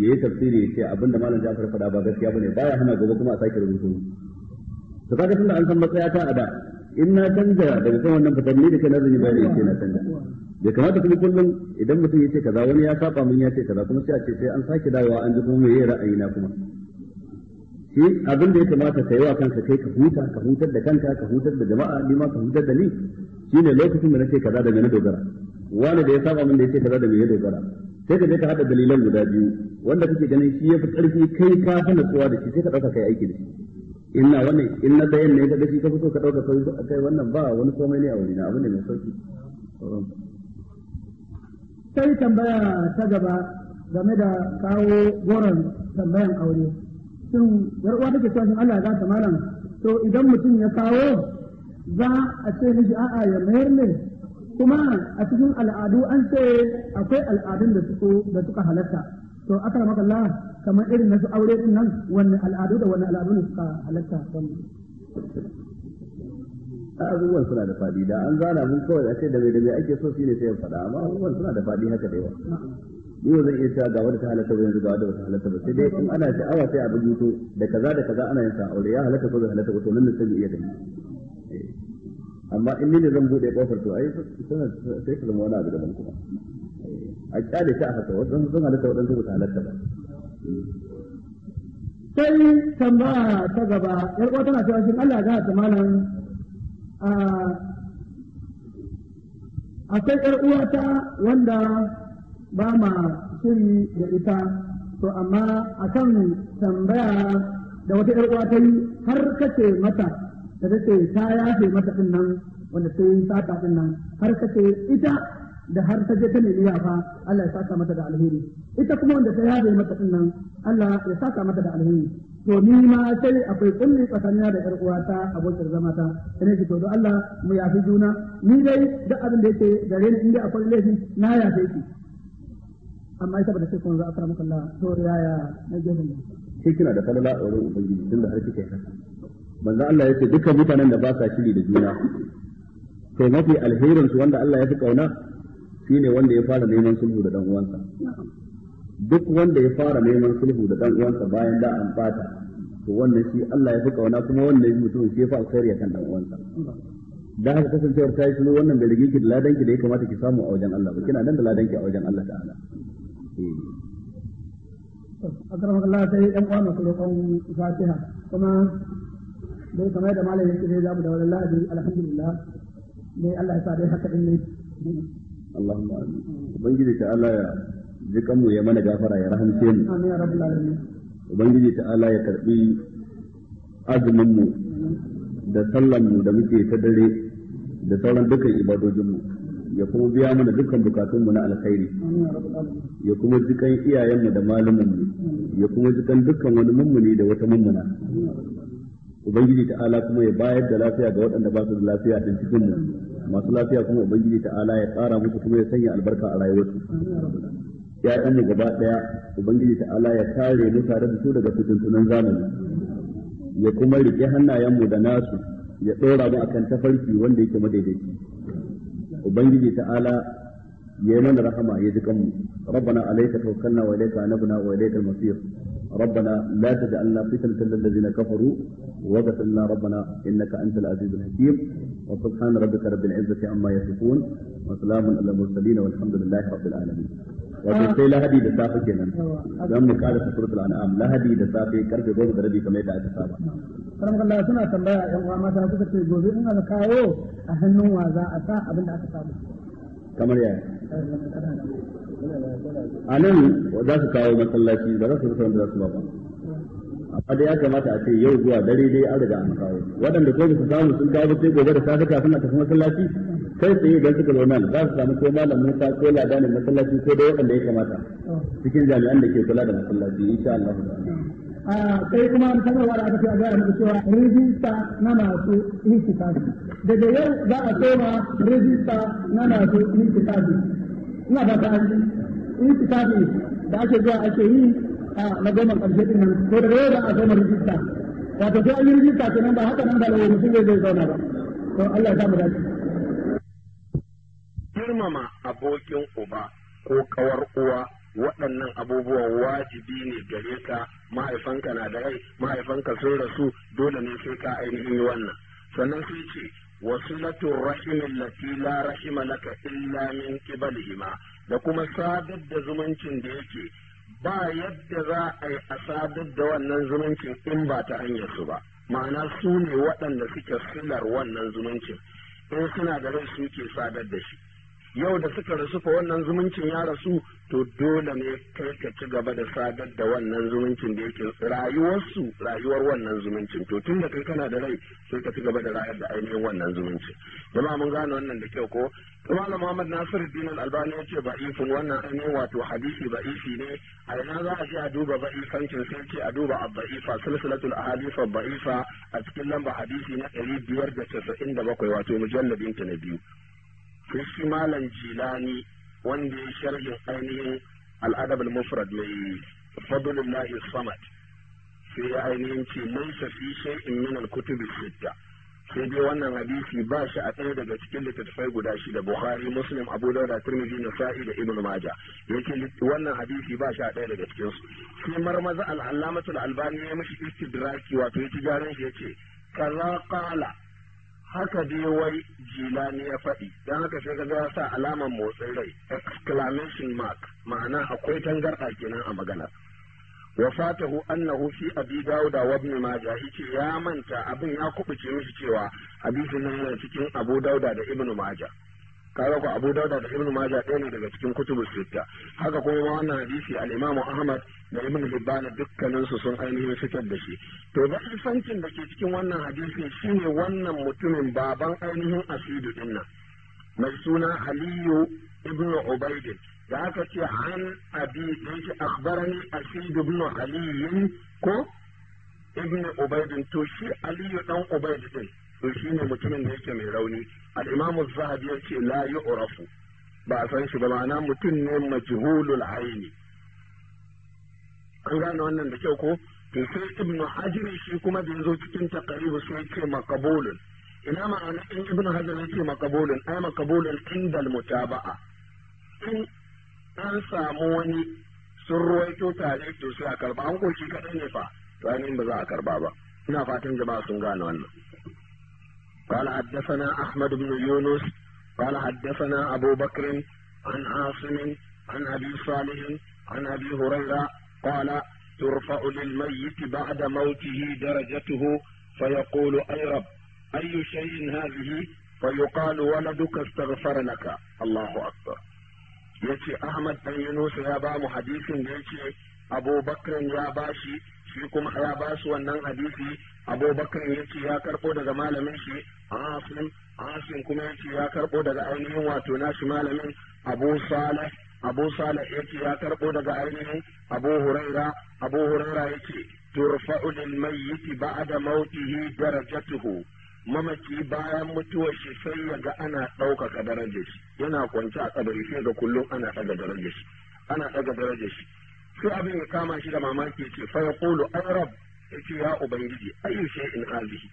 ya yi tafsiri ya ce abinda malam Jafar faɗa ba gaskiya bane baya hana gobe kuma a sake rubutu to kaga tunda an san ta a da in na canza daga kan wannan fitar ni da kai na zan bayani ya ce na canza da kamata kuma kullum idan mutum ya ce kaza wani ya saba mun ya ce kaza kuma sai a ce sai an sake dawowa an ji kuma yayin ra'ayi na kuma shi abin da ya kamata ka yi wa kanka kai ka huta ka hutar da kanka ka hutar da jama'a ni ma ka hutar da ni shine lokacin da nake kaza da me na dogara wani da ya saba mun da ya ce kaza da me ya dogara sai ka je ka hada dalilan guda biyu wanda kake ganin shi yafi karfi kai ka fi natsuwa da shi sai ka dauka kai aiki da shi inna wannan inna na dayan ne ka ga shi ka fito so ka dauka kai wannan ba wani komai ne a wurina abin da mai sauki sai tambaya ta gaba game da kawo goron tambayan aure shin yar uwa take cewa Allah za ta malam to idan mutum ya kawo za a ce miji a'a ya mayar ne kuma a cikin al'adu an ce akwai al'adun da suka da suka halatta to aka maka Allah kamar irin na su aure din nan wanne al'adu da wanne al'adu ne suka halatta a abubuwan suna da fadi da an zana mun kawai a ce da mai da mai ake so ne sai ya faɗa amma abubuwan suna da fadi haka da yawa yau zan iya cewa ga wanda ta halatta ba yanzu ga wanda ta halatta ba sai dai in ana sha'awa sai abin yuto da kaza da kaza ana yin sa'aure ya halatta ko zai halatta ba to nan ne sai iya gani eh. amma in ni ne zan buɗe kofar to ai sai ka zama wani abu daban kuma eh. a kyale ta a haka wadansu sun halatta ɗan ba ta halatta ba eh. sai tambaya ta gaba yar uwa tana cewa shin Allah ya ga ta malam akwai ƴar uwata wanda ba ma shiri da ita to amma akan tambaya da wata ƴar uwata yi har kace mata da take ta yafe mata din nan wanda ta yi sata din nan har kace ita da har ta je ta nemi yafa Allah ya saka mata da alheri ita kuma wanda ta yafe mata din nan Allah ya saka mata da alheri to ni ma sai akwai kullu tsakanina da ƴar uwata abokin zama ta sai ji to Allah mu yafi juna ni dai duk abin da yake gare ni inda akwai laifi na yafe ki amma ita bada ce kun za a fara maka Allah to ya na gefen ne shi kina da falala a wurin ubangiji tunda har kike yi haka manzo Allah yace dukkan mutanen da ba sa shiri da juna to mafi alherin su wanda Allah ya fi kauna shine wanda ya fara neman sulhu da dan uwansa duk wanda ya fara neman sulhu da dan uwansa bayan da an fata to wannan shi Allah ya fi kauna kuma wannan mutum shi fa alkhairi kan dan uwansa dan haka kasancewar ta yi sulhu wannan bai rige ki da ladan ki da ya kamata ki samu a wajen Allah ba kina dan da ladan ki a wajen Allah ta'ala eh. a karamar Allah sai ɗan uwa masu roƙon fatiha kuma dai kamar da malam yake dai zamu da wani alhamdulillah dai Allah ya sa dai haka din ne Allahumma amin ubangiji ta Allah ya jikan ya mana gafara ya rahamce mu ubangiji ta'ala ya karbi azuminmu da sallanmu mu da muke ta dare da sauran dukkan ibadojin mu ya kuma biya mana dukkan bukatunmu na alkhairi ya kuma jikan iyayenmu da malamin mu ya kuma jikan dukkan wani mummuni da wata mummuna ubangiji ta'ala kuma ya bayar da lafiya ga waɗanda ba su da lafiya a cikin mu masu lafiya kuma ubangiji ta'ala ya tsara musu kuma ya sanya albarka a rayuwarsu ya ɗan ne gaba ɗaya ubangiji ta ya kare mu tare da su daga fitintunan zamani ya kuma rike hannayenmu da nasu ya ɗora mu kan tafarki wanda yake madaidaici ubangiji ta ala ya yi mana rahama ya jikan mu rabbana alaika tawakkalna wa ilaika anabna wa ilaika al-masir rabbana la taj'alna fitnatan lil ladzina kafaru wa ghfirna rabbana innaka antal azizul hakim wa subhana rabbika rabbil izzati amma yasifun wa salamun alal mursalin walhamdulillahi rabbil alamin wato sai lahadi da safe kenan don mu kada suratul an'am lahadi da safe karfe goma da rabi kamar yadda aka saba karam kallah suna tambaya yan uwa mata suka ce gobe in aka kawo a hannun wa za a sa abin da aka samu kamar yaya a nan za su kawo masallaci ba za su rufe wanda za su ba ba amma ya kamata a ce yau zuwa dare dai an riga an kawo waɗanda ko su samu sun kawo sai gobe da safe kafin a tafi masallaci kai tsaye idan suka nan za su samu ko malam Musa ko ladanin masallaci ko da waɗanda ya kamata cikin jami'an da ke kula da masallaci insha Allah sai kuma an sanarwa da aka ce a gaya muku cewa rijista na masu intikafi daga yau za a koma rijista na masu intikafi ina ba ta an intikafi da ake zuwa ake yi a na goma ƙarshe din nan ko daga yau za a koma rijista wato sai an yi rijista kenan ba haka nan ba da mutum zai zauna ba to Allah ya samu dace girmama abokin uba ko kawar uwa waɗannan abubuwan wajibi ne gare ka mahaifanka na da rai mahaifanka sun rasu dole ne sai ka ainihin wannan sannan sai ce wasu latin rahimin lati la rahima laka illa min qibalihima da kuma sadar da zumuncin da yake ba yadda za a yi a sadar da wannan zumuncin in ba ta hanyar su ba ma'ana su ne waɗanda suke silar wannan zumuncin in suna da rai suke sadar da shi yau da suka rasu fa wannan zumuncin ya rasu to dole ne kai ka ci gaba da sadar da wannan zumuncin da yake rayuwarsu rayuwar wannan zumuncin to tun da kai kana da rai sai ka ci gaba da rayar da ainihin wannan zumuncin kuma mun gane wannan da kyau ko Malam Muhammad Nasiru Dinar Albani ya ce ba'ifin wannan ainihin wato hadisi ba'ifi ne a ina za a je a duba ba'ifancin sai ce a duba a ba'ifa silsilatul ahadifa ba'ifa a cikin lamba hadisi na ɗari biyar da da bakwai wato mujalladin ta na biyu na malam jilani wanda ya sharhin ainihin al'adab mufrad mai fadlul lahi samad sai ya ainihin ce mun fi shay'in min al-kutub sitta sai dai wannan hadisi ba shi a ɗaya daga cikin littattafai guda shida Bukhari Muslim Abu Dawud Tirmidhi Nasa'i da Ibn yake wannan hadisi ba shi a ɗaya daga cikin su sai marmaza al-Allamatul Albani ya mishi istidraki wato yace gyaran shi yace kaza qala haka dai wai jila jilani ya faɗi don haka sai ga ya sa alamar motsin rai exclamation mark ma'ana akwai tangarɗa kenan a magana wa fatahu annahu fi abi dauda wa ibn majah yace ya manta abin ya kubuce mishi cewa hadisin nan yana cikin abu dauda da ibn majah kaga ko Abu Dawud da Ibn Majah ɗaya ne daga cikin kutubus sitta haka kuma ma wannan hadisi al-Imam Ahmad da Ibn Hibban dukkanin su sun ainihin fitar da shi to da sancin da ke cikin wannan hadisi shine wannan mutumin baban ainihin asidu din nan mai suna Aliyu ibn Ubayd da aka ce an abi da yake akhbarani asidu ibn Ali ko ibn Ubayd to shi Aliyu dan ubaid din to ne mutumin da yake mai rauni al-imam ya ce yace la yu'rafu ba a san shi ba ma'ana mutum ne majihulul aini an gane wannan da kyau ko to sai ibn hajar shi kuma da yazo cikin taqribu sai yace maqbulun ina ma'ana in ibn hajar yace maqbulun ai maqbulun indal mutaba'a in an samu wani sun ruwaito tare to sai a karba an kaɗai kadai ne fa to ainihin ba za a karba ba ina fatan jama'a sun gane wannan قال حدثنا أحمد بن يونس قال حدثنا أبو بكر عن عاصم عن أبي صالح عن أبي هريرة قال ترفع للميت بعد موته درجته فيقول أي رب أي شيء هذه فيقال ولدك استغفر لك الله أكبر يتي أحمد بن يونس يا بام حديث يتي أبو بكر يا باشي فيكم يا باشي وانا حديثي ابو بكر abubakar يا كربو دغمال منشي asim asim kuma yace ya karbo daga ainihin wato nashi malamin abu salih abu salih yace ya karbo daga ainihin abu huraira abu huraira yace turfa'u lil mayyit ba'da daraja darajatuhu mamaki bayan mutuwar shi sai ya ga ana ɗaukaka darajar shi yana kwance a kabari sai ga kullum ana ɗaga darajar shi ana ɗaga darajar shi sai abin ya kama shi da mamaki ce fa yaqulu ay rab yace ya ubangiji ayu shay'in hazihi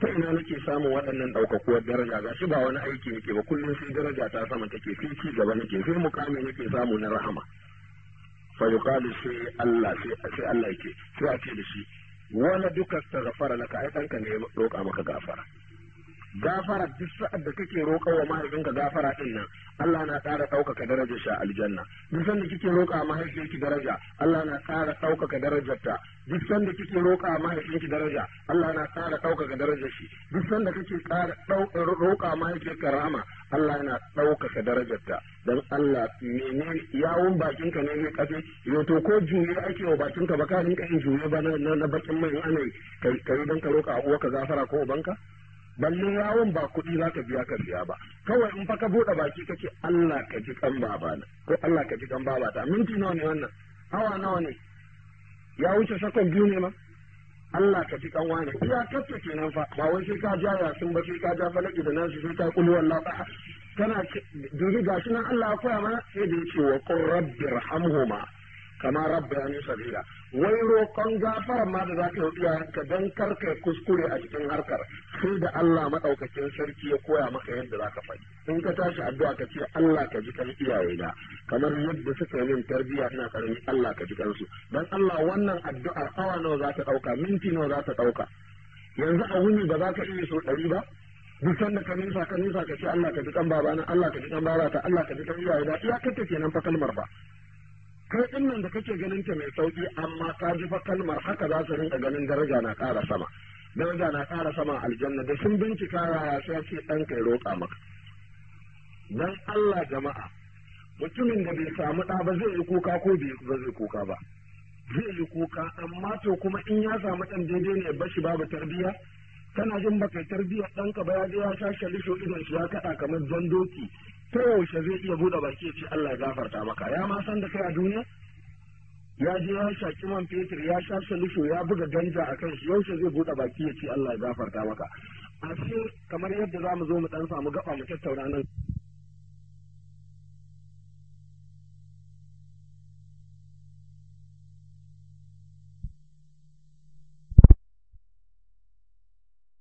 ta ina nake samun waɗannan ɗaukakuwar daraja ga shi ba wani aiki nake ba kullum sai daraja ta sama take sai ci gaba nake sai mukami nake samu na rahama fa yuqalu sai Allah sai Allah yake sai a ce da shi wala duka ta gafara laka ai ɗanka ne ya roƙa maka gafara gafara duk sa'ad da kake roƙa wa mahaifinka gafara din nan Allah na ƙara ɗaukaka darajar shi a aljanna duk sanda kike roƙa wa mahaifinki daraja Allah na ƙara ɗaukaka darajarta duk sanda kike roƙa wa mahaifinki daraja Allah na ƙara ɗaukaka darajar shi duk sanda kake ƙara roƙa mahaifinka rahama Allah yana ɗaukaka darajarta don Allah menene yawun bakinka ne zai kafe to ko juye ake wa bakinka ba ka rinka yin juye ba na bakin mai ana kai kai don ka roƙa uwa ka gafara ko ubanka ballin yawon ba kuɗi za ka biya ka biya ba kawai in fa ka buɗe baki ce Allah ka ji kan baba na ko Allah ka ji kan baba ta minti nawa ne wannan awa nawa ne ya wuce sakon biyu ne ma Allah ka ji kan wani iya kacce kenan fa ba wai sai ka ja sun ba sai ka ja falaki da nasu sai ka kulu wallahi ba kana dubi gashi nan Allah ya koya mana sai da yace wa qur rabbi rahamhuma kamar rabbani sabila wai roƙon gafara ma da zaka yi iyayenka don kar kai kuskure a cikin harkar sai da Allah maɗaukakin sarki ya koya maka yadda za ka faɗi in ka tashi addu'a ka ce Allah ka ji kan iyaye da. kamar yadda suka yi tarbiyya ina karami Allah ka ji kansu dan Allah wannan addu'ar awa nawa za ta ɗauka minti nawa za ta ɗauka yanzu a wuni ba za ka iya so ɗari ba duk da ka nisa ka nisa ka ce Allah ka ji kan babana Allah ka ji kan babata Allah ka ji kan iyaye da. iyakar ta kenan fa kalmar ba kai din nan da kake ganin ta mai sauki amma ka ji fa kalmar haka za su rinka ganin daraja na ƙara sama daraja na ƙara sama aljanna da sun bincika yaya sai ce ɗan kai roƙa maka dan Allah jama'a mutumin da bai samu ɗa ba zai yi kuka ko bai zai kuka ba zai yi kuka amma to kuma in ya samu ɗan daidai ne bashi babu tarbiyya kana jin baka tarbiyyar ɗanka ba ya je ya sha shalisho idan shi ya kaɗa kamar jan doki ta yaushe zai iya buɗe baki ya ce Allah ya gafarta maka ya ma san da kai a duniya ya je ya shaki man fetur ya sha salisho ya buga ganja a kan shi yaushe zai buɗe baki ya ce Allah ya gafarta maka a kamar yadda za mu zo mu ɗan samu gaɓa mu tattauna nan